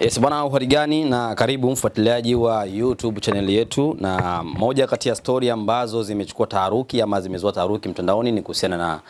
Yes, bwana uhali gani na karibu mfuatiliaji wa YouTube channel yetu, na moja kati ya stori ambazo zimechukua taharuki ama zimezua taharuki mtandaoni ni kuhusiana na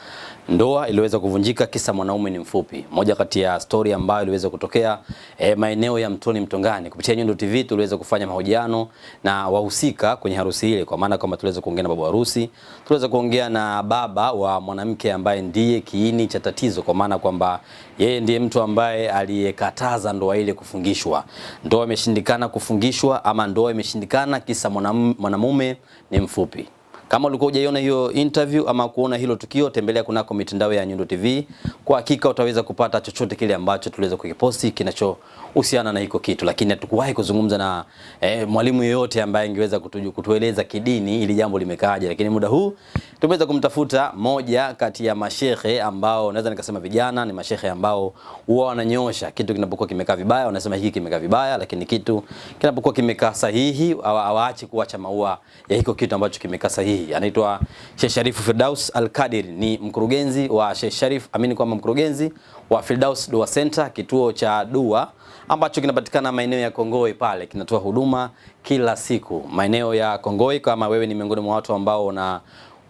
ndoa iliyoweza kuvunjika kisa mwanaume ni mfupi. Moja kati ya stori ambayo iliweza kutokea e, maeneo ya Mtoni Mtongani. Kupitia Nyundo TV tuliweza kufanya mahojiano na wahusika kwenye harusi ile, kwa maana kwamba tuliweza kuongea na babu harusi, tuliweza kuongea na baba wa mwanamke ambaye ndiye kiini cha tatizo, kwa maana kwamba yeye ndiye mtu ambaye aliyekataza ndoa ile kufunga kufungishwa. Ndoa imeshindikana kufungishwa ama ndoa imeshindikana kisa mwanamume ni mfupi. Kama ulikuwa hujaiona hiyo interview ama kuona hilo tukio, tembelea kunako mitandao ya Nyundo TV. Kwa hakika utaweza kupata chochote kile ambacho tuliweza kukiposti kinachohusiana na hiko kitu, lakini hatukuwahi kuzungumza na eh, mwalimu yeyote ambaye angeweza kutueleza kidini ili jambo limekaaje, lakini muda huu tumeweza kumtafuta moja kati ya mashehe ambao naweza nikasema vijana ni mashehe ambao huwa wananyosha kitu kinapokuwa kimekaa vibaya, wanasema hiki kimekaa vibaya, lakini kitu kinapokuwa kimekaa sahihi awaachi kuacha maua ya hiko kitu ambacho kimekaa sahihi hii. Anaitwa Sheikh Sharif Firdaus Al-Kadir, ni mkurugenzi wa Sheikh Sharif, amini kwamba mkurugenzi wa Firdaus Dua Center, kituo cha dua ambacho kinapatikana maeneo ya Kongoe pale, kinatoa huduma kila siku maeneo ya Kongoe. Kama wewe ni miongoni mwa watu ambao una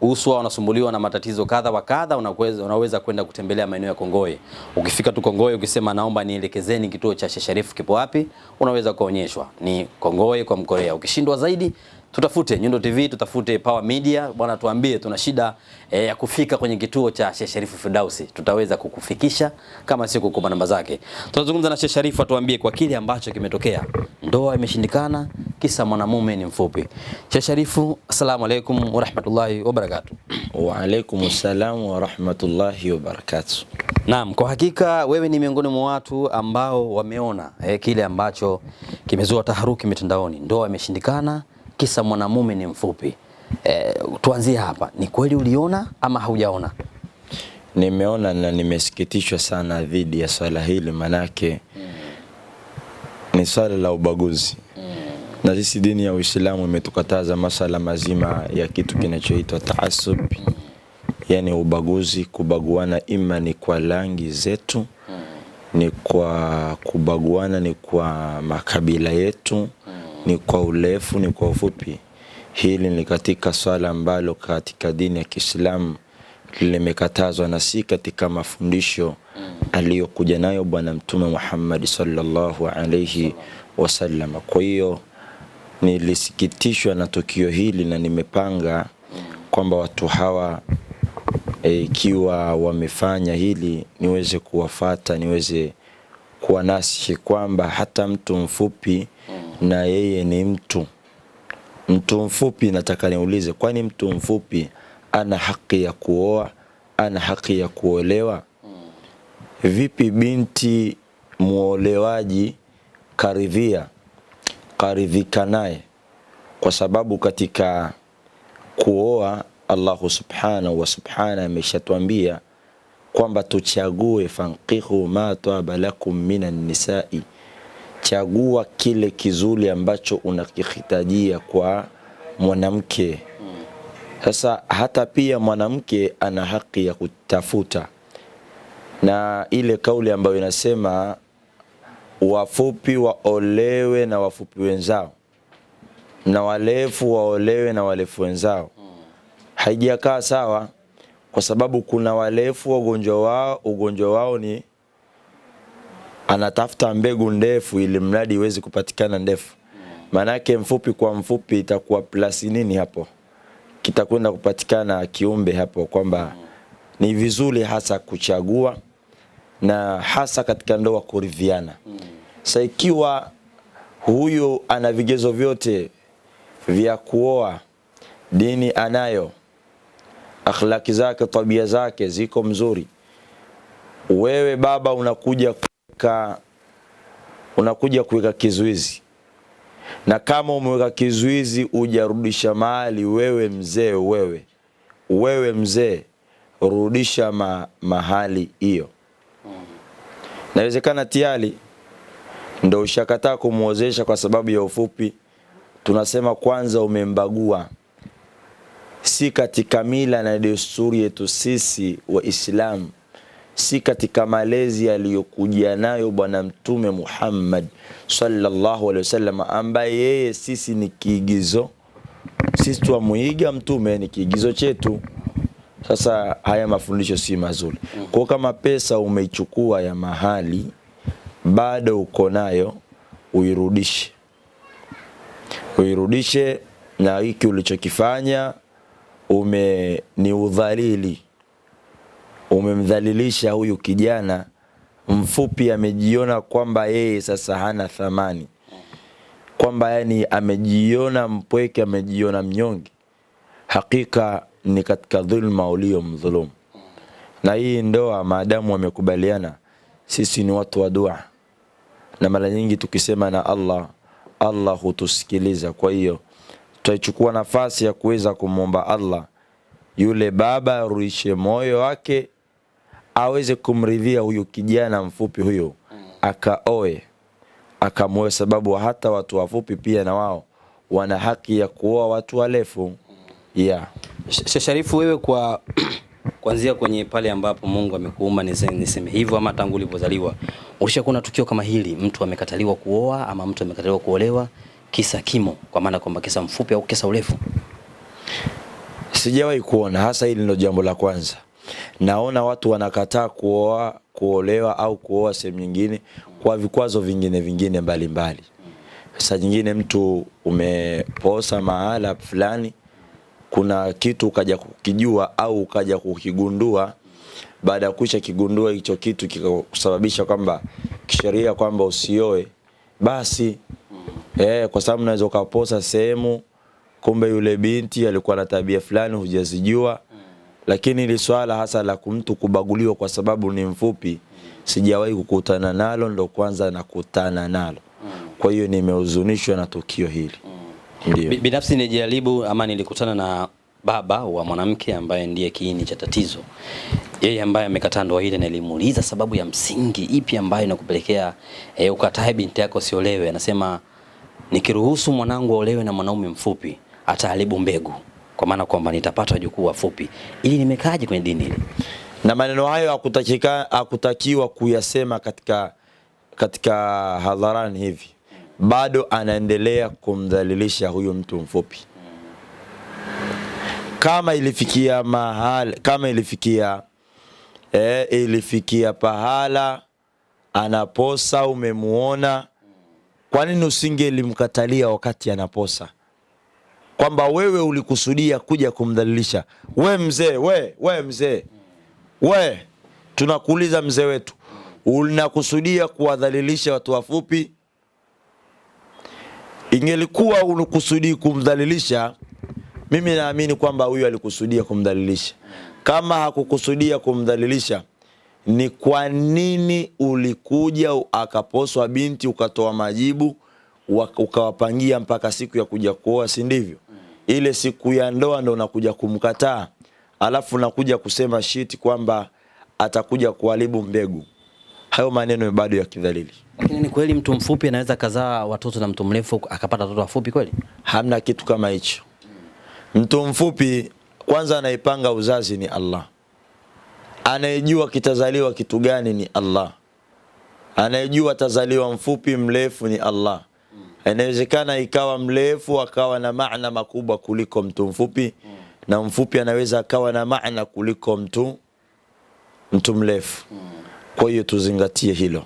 uswa unasumbuliwa na matatizo kadha wa kadha, unaweza unaweza kwenda kutembelea maeneo ya Kongoe. Ukifika tu Kongoe ukisema naomba nielekezeni kituo cha Sheikh Sharif kipo wapi, unaweza kuonyeshwa ni Kongoe kwa Mkorea. Ukishindwa zaidi tutafute Nyundo TV, tutafute Power Media bwana, tuambie tuna shida e, ya kufika kwenye kituo cha Sheikh Sharifu Firdausi. tutaweza kukufikisha kama si kukupa namba zake. Tunazungumza na Sheikh Sharifu atuambie kwa kile ambacho kimetokea, ndoa imeshindikana kisa mwanamume ni mfupi. Sheikh Sharifu, asalamu alaykum wa rahmatullahi wa barakatuh. Wa alaykum salam wa rahmatullahi wa barakatuh. Naam, kwa hakika wewe ni miongoni mwa watu ambao wameona e, kile ambacho kimezua taharuki mitandaoni, ndoa imeshindikana kisa mwanamume ni mfupi. E, tuanzie hapa, ni kweli uliona ama haujaona? Nimeona na nimesikitishwa sana dhidi ya swala hili, manake mm. ni swala la ubaguzi mm. na sisi dini ya Uislamu imetukataza masala mazima ya kitu kinachoitwa taasub mm. yaani ubaguzi, kubaguana ima ni kwa rangi zetu mm. ni kwa kubaguana ni kwa makabila yetu ni kwa urefu, ni kwa ufupi. Hili ni katika swala ambalo katika dini ya Kiislamu limekatazwa na si katika mafundisho aliyokuja nayo Bwana Mtume Muhammad sallallahu alayhi wasallam. Kwa hiyo nilisikitishwa na tukio hili na nimepanga kwamba watu hawa e, ikiwa e, wamefanya hili niweze kuwafata, niweze kuwa nasihi kwamba hata mtu mfupi na yeye ni mtu. Mtu mfupi nataka niulize, kwani mtu mfupi ana haki ya kuoa? Ana haki ya kuolewa? Vipi binti muolewaji karidhia, karidhika naye? Kwa sababu katika kuoa Allahu subhanahu wa subhana ameshatwambia kwamba tuchague, fankihu ma twaba lakum minan nisai chagua kile kizuri ambacho unakihitajia kwa mwanamke. Sasa hata pia mwanamke ana haki ya kutafuta, na ile kauli ambayo inasema wafupi waolewe na wafupi wenzao na warefu waolewe na walefu wenzao haijakaa sawa, kwa sababu kuna warefu wagonjwa wao ugonjwa wao ni anatafuta mbegu ndefu ili mradi iweze kupatikana ndefu. Maanake mfupi kwa mfupi itakuwa plus nini hapo, kitakwenda kupatikana kiumbe hapo, kwamba ni vizuri hasa kuchagua na hasa katika ndoa kuridhiana. Sasa ikiwa huyu ana vigezo vyote vya kuoa, dini anayo, akhlaki zake, tabia zake ziko mzuri, wewe baba unakuja unaweka unakuja kuweka kizuizi, na kama umeweka kizuizi ujarudisha mali, wewe mzee, wewe wewe mzee, rudisha ma, mahali hiyo. Nawezekana tiali ndo ushakataa kumwozesha kwa sababu ya ufupi. Tunasema kwanza umembagua, si katika mila na desturi yetu sisi Waislamu si katika malezi aliyokuja nayo Bwana Mtume Muhammad sallallahu alaihi wasallam, ambaye yeye sisi ni kiigizo. Sisi twamuiga Mtume, ni kiigizo chetu. Sasa haya mafundisho si mazuri kwao. Kama pesa umeichukua ya mahali bado uko nayo, uirudishe, uirudishe. Na hiki ulichokifanya ume ni udhalili umemdhalilisha huyu kijana mfupi, amejiona kwamba yeye sasa hana thamani, kwamba yani amejiona mpweke, amejiona mnyonge. Hakika ni katika dhulma mdhulumu. Na hii ndoa, maadamu wamekubaliana, sisi ni watu wa dua, na mara nyingi tukisema na Allah, Allah hutusikiliza. Kwa hiyo tutaichukua nafasi ya kuweza kumwomba Allah yule baba arudishe moyo wake aweze kumridhia huyu kijana mfupi huyo, akaoe akamoe, sababu hata watu wafupi pia na wao wana haki ya kuoa watu warefu. Yeah. Sharifu, wewe kwa kuanzia kwenye pale ambapo Mungu amekuumba niseme hivyo, ama tangu ulipozaliwa ulishakuwa tukio kama hili, mtu amekataliwa kuoa ama mtu amekataliwa kuolewa kisa kimo, kwa maana kwamba kisa mfupi au kisa urefu? Sijawahi kuona, hasa hili ndio jambo la kwanza naona watu wanakataa kuoa, kuolewa au kuoa sehemu nyingine kwa vikwazo vingine vingine mbalimbali. Saa nyingine mtu umeposa mahala fulani, kuna kitu ukaja kukijua au ukaja kukigundua baada ya kuisha kigundua hicho kitu kikakusababisha kwamba kisheria kwamba usioe, basi eh, kwa sababu unaweza ukaposa sehemu, kumbe yule binti alikuwa na tabia fulani hujazijua, lakini ile swala hasa la mtu kubaguliwa kwa sababu ni mfupi sijawahi kukutana nalo, ndo kwanza nakutana nalo. Kwa hiyo nimehuzunishwa na tukio hili. Ndio. Binafsi nijaribu ama nilikutana na baba wa mwanamke ambaye ndiye kiini cha tatizo, yeye ambaye amekataa ndoa ile, nilimuuliza sababu ya msingi ipi ambayo inakupelekea e, ukatae binti yako siolewe. Anasema nikiruhusu mwanangu aolewe na mwanaume mfupi ataharibu mbegu kwa maana kwamba nitapata jukuu wafupi, ili nimekaaje kwenye dini hili? Na maneno hayo hakutakiwa hakutakiwa kuyasema katika, katika hadharani hivi, bado anaendelea kumdhalilisha huyu mtu mfupi. Kama ilifikia mahali, kama ilifikia eh, ilifikia pahala anaposa, umemuona, kwa nini usingelimkatalia wakati anaposa? kwamba wewe ulikusudia kuja kumdhalilisha. We mzee, we we mzee, we tunakuuliza mzee wetu, unakusudia kuwadhalilisha watu wafupi? Ingelikuwa unakusudi kumdhalilisha, mimi naamini kwamba huyu alikusudia kumdhalilisha. Kama hakukusudia kumdhalilisha, ni kwa nini ulikuja akaposwa binti ukatoa majibu ukawapangia mpaka siku ya kuja kuoa, si ndivyo? ile siku ya ndoa ndo unakuja kumkataa, alafu unakuja kusema shiti kwamba atakuja kuharibu mbegu. Hayo maneno bado ya kidhalili. Lakini ni kweli mtu mfupi anaweza kazaa watoto na mtu mrefu akapata watoto wafupi kweli? Hamna kitu kama hicho. Mtu mfupi kwanza anaipanga uzazi ni Allah, anayejua kitazaliwa kitu gani ni Allah, anayejua tazaliwa mfupi mrefu ni Allah. Inawezekana ikawa mrefu akawa na maana makubwa kuliko mtu mfupi mm. na mfupi anaweza akawa na maana kuliko mtu mtu mrefu mm. kwa hiyo tuzingatie hilo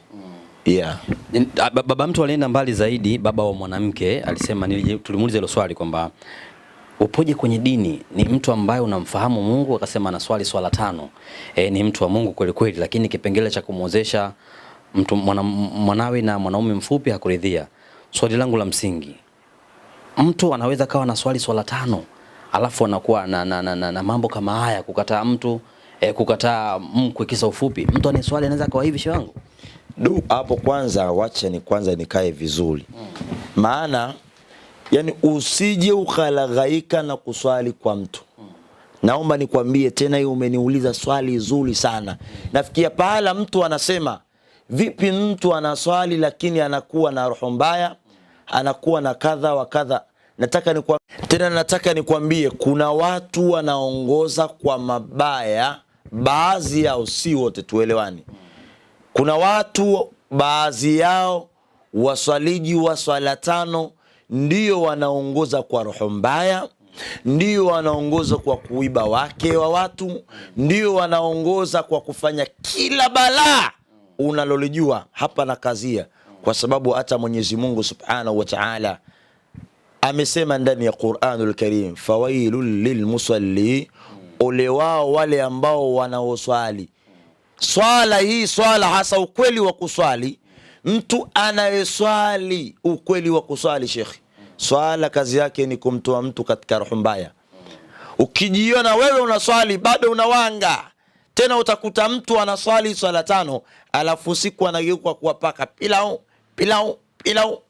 Yeah. Baba mtu alienda mbali zaidi, baba wa mwanamke alisema, tulimuuliza hilo swali kwamba upoje kwenye dini, ni mtu ambaye unamfahamu Mungu, akasema swali swala tano, e, ni mtu wa Mungu kweli kweli, lakini kipengele cha kumwozesha mtu mwanawe na mwanaume mfupi hakuridhia swali langu la msingi, mtu anaweza kawa na swali swala tano alafu anakuwa na, na, na, na, na mambo kama haya, kukataa mtu eh, kukataa mkwe kisa ufupi. Mtu ana swali anaweza kawa hivi shangu du hapo. Kwanza wacha ni kwanza nikae vizuri hmm. maana yani usije ukalaghaika na kuswali kwa mtu Naomba nikwambie tena, hiyo umeniuliza swali zuri sana. Nafikia pahala mtu anasema vipi, mtu anaswali lakini anakuwa na roho mbaya anakuwa na kadha wa kadha. Nataka ni kwa... tena nataka nikwambie kuna watu wanaongoza kwa mabaya, baadhi yao, si wote, tuelewani. Kuna watu baadhi yao waswaliji wa swala tano ndio wanaongoza kwa roho mbaya, ndio wanaongoza kwa kuiba wake wa watu, ndio wanaongoza kwa kufanya kila balaa unalolijua hapa na kazia kwa sababu hata Mwenyezi Mungu Subhanahu wa Ta'ala amesema ndani ya Qur'anul Karim, fawailul lilmusalli, ole wao wale ambao wanaoswali swala hii. Swala hasa ukweli wa kuswali, mtu anayeswali ukweli wa kuswali, shekhi, swala kazi yake ni kumtoa mtu katika roho mbaya. Ukijiona wewe unaswali bado unawanga tena, utakuta mtu anaswali swala tano alafu siku anageuka kuwapaka pilau pilau pilau.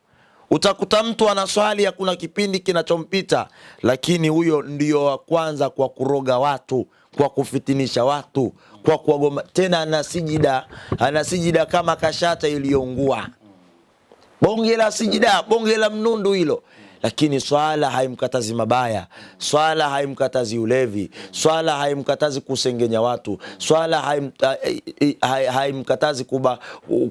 Utakuta mtu ana swali hakuna kipindi kinachompita, lakini huyo ndio wa kwanza kwa kuroga watu, kwa kufitinisha watu, kwa kuwagoma. Tena ana sijida, ana sijida kama kashata iliyoungua. Bonge la sijida, bonge la mnundu hilo lakini swala haimkatazi mabaya, swala haimkatazi ulevi, swala haimkatazi kusengenya watu, swala eh, eh, eh, haimkatazi kuba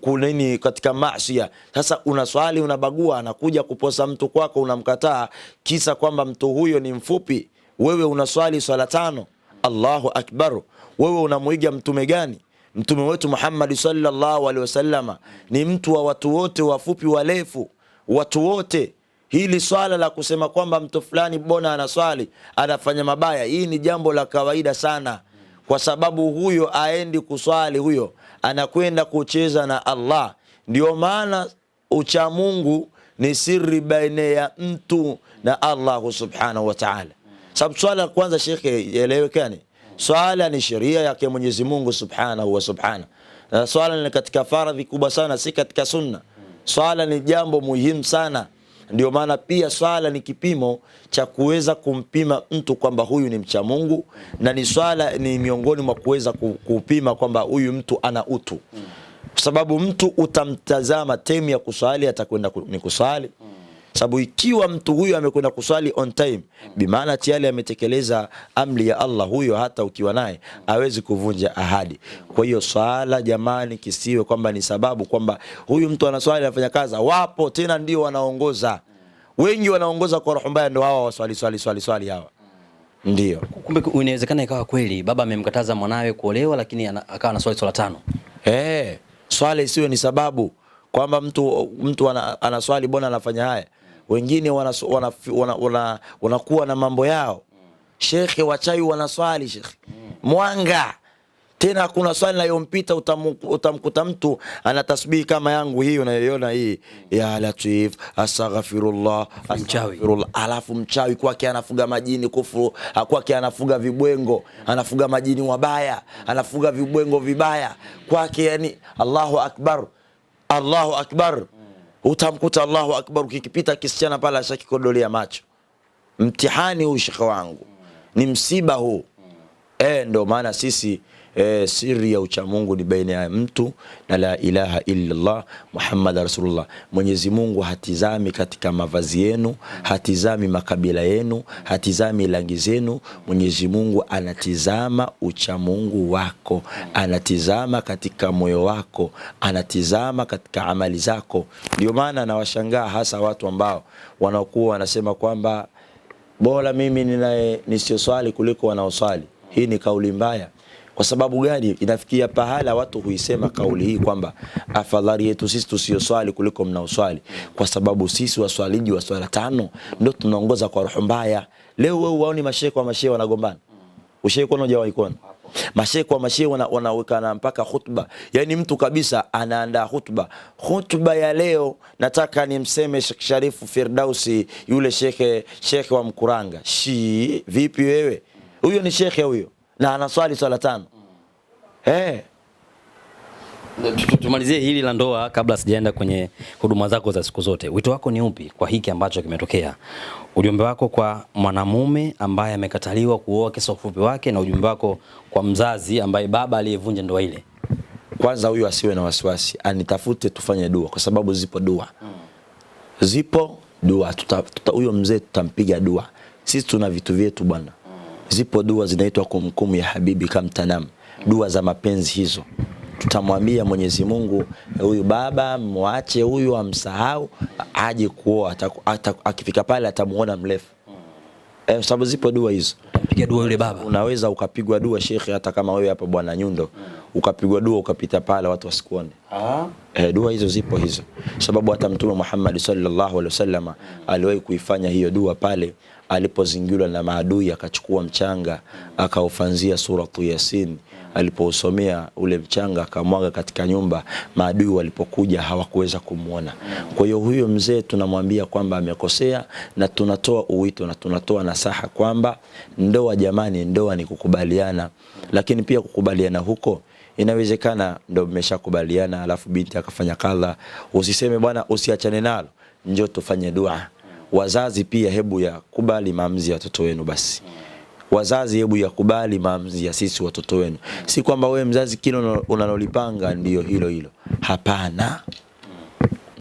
kunini katika masia. Sasa una swali unabagua, anakuja kuposa mtu kwako, unamkataa kisa kwamba mtu huyo ni mfupi, wewe unaswali swala tano. Allahu akbar! Wewe unamwiga mtume gani? Mtume wetu Muhammad sallallahu alaihi ni mtu wa watu wote, wafupi, warefu watu wote Hili swala la kusema kwamba mtu fulani bona anaswali anafanya mabaya, hii ni jambo la kawaida sana, kwa sababu huyo aendi kuswali, huyo anakwenda kucheza na Allah. Ndio maana ucha Mungu ni siri baina ya mtu na Allah subhanahu wa ta'ala. Sababu swala kwanza, shekhe, ielewekane, swala ni sheria yake Mwenyezi Mungu subhanahu wa subhana, na swala ni katika faradhi kubwa sana, si katika sunna. Swala ni jambo muhimu sana. Ndio maana pia swala ni kipimo cha kuweza kumpima mtu kwamba huyu ni mcha Mungu, na ni swala ni miongoni mwa kuweza kupima kwamba huyu mtu ana utu, kwa sababu mtu utamtazama temu ya kuswali atakwenda ni kuswali sababu ikiwa mtu huyo amekwenda kuswali on time, bi maana tayari ametekeleza amri ya Allah. Huyo hata ukiwa naye hawezi kuvunja ahadi. Kwa hiyo swala, jamani, kisiwe kwamba ni sababu kwamba huyu mtu anaswali anafanya kaza. Wapo tena ndio wanaongoza, wengi wanaongoza kwa roho mbaya, ndio hawa waswali swali swali swali hawa ndio. Kumbe inawezekana ikawa kweli baba amemkataza mwanawe kuolewa, lakini akawa anaswali swala tano. Eh, swala isiwe ni sababu kwamba mtu mtu anaswali, bona anafanya haya wengine wanakuwa wana, wana, wana, wana na mambo yao shekhe, wachawi wanaswali shekhe mwanga tena kuna swali nayompita utamkuta mtu ana tasbihi kama yangu hii unayoiona hii ya Latif, astaghfirullah, astaghfirullah. Alafu mchawi kwake anafuga majini kufuru, kwake anafuga vibwengo, anafuga majini wabaya, anafuga vibwengo vibaya kwake, yani Allahu akbar, Allahu akbar utamkuta Allahu akbar, ukikipita kisichana pale ashakikodolea macho. Mtihani huu shekhe wangu, ni msiba huu. Eh, ndo maana sisi E, siri ya uchamungu ni baina ya mtu na la ilaha illallah Muhammad Rasulullah. Mwenyezi Mungu hatizami katika mavazi yenu, hatizami makabila yenu, hatizami rangi zenu. Mwenyezi Mungu anatizama uchamungu wako, anatizama katika moyo wako, anatizama katika amali zako. Ndio maana nawashangaa hasa watu ambao wanaokuwa wanasema kwamba bora mimi ninaye nisiyoswali kuliko wanaoswali. Hii ni kauli mbaya. Kwa sababu gani? Inafikia pahala watu huisema kauli hii kwamba afadhali yetu sisi swali kuliko mnaoswali, kwa sababu sisi waswaliji wa swala tano ndio tunaongoza kwa roho mbaya. Leo wewe uwaoni mashehe kwa mashehe wanagombana? Ushehe kuona hujawahi kuona? Mashehe kwa mashehe wana, wanawekana mpaka khutba, Yani mtu kabisa anaandaa khutba. Khutba ya leo nataka nimseme Sheikh Sharifu Firdausi, yule shekhe shekhe wa Mkuranga. Shi vipi wewe, huyo ni shekhe huyo na anaswali swala tano mm. eh tumalizie hili la ndoa kabla sijaenda kwenye huduma zako za siku zote. Wito wako ni upi kwa hiki ambacho kimetokea? Ujumbe wako kwa mwanamume ambaye amekataliwa kuoa kisa ufupi wake, na ujumbe wako kwa mzazi ambaye baba aliyevunja ndoa ile? Kwanza huyu asiwe na wasiwasi, anitafute tufanye dua, kwa sababu zipo dua, mm. zipo dua. huyo mzee tutampiga dua. Sisi tuna vitu vyetu bwana. Zipo dua zinaitwa kumkum ya habibi kamtanam, dua za mapenzi hizo. Tutamwambia Mwenyezi Mungu, huyu baba mwache huyu, amsahau aje kuoa, akifika pale atamuona mrefu eh, sababu zipo dua hizo. Piga dua yule baba, unaweza ukapigwa dua shekhe, hata kama wewe hapa bwana Nyundo ukapigwa dua ukapita pale watu wasikuone. Ah. Eh, dua hizo zipo hizo, sababu hata Mtume Muhammad sallallahu alaihi wasallam aliwahi kuifanya hiyo dua pale alipozingirwa na maadui akachukua mchanga akaufanzia Suratu Yasin, alipousomea ule mchanga akamwaga katika nyumba, maadui walipokuja hawakuweza kumwona. Kwa hiyo huyo mzee tunamwambia kwamba amekosea, na tunatoa uwito na tunatoa nasaha kwamba ndoa, jamani, ndoa ni kukubaliana, lakini pia kukubaliana huko inawezekana ndo mmeshakubaliana, alafu binti akafanya kadha, usiseme bwana, usiachane nalo, njoo tufanye dua wazazi pia hebu ya kubali maamuzi ya watoto wenu basi wazazi hebu yakubali maamuzi ya sisi watoto wenu si kwamba wewe mzazi kile unalolipanga ndio hilo hilo hapana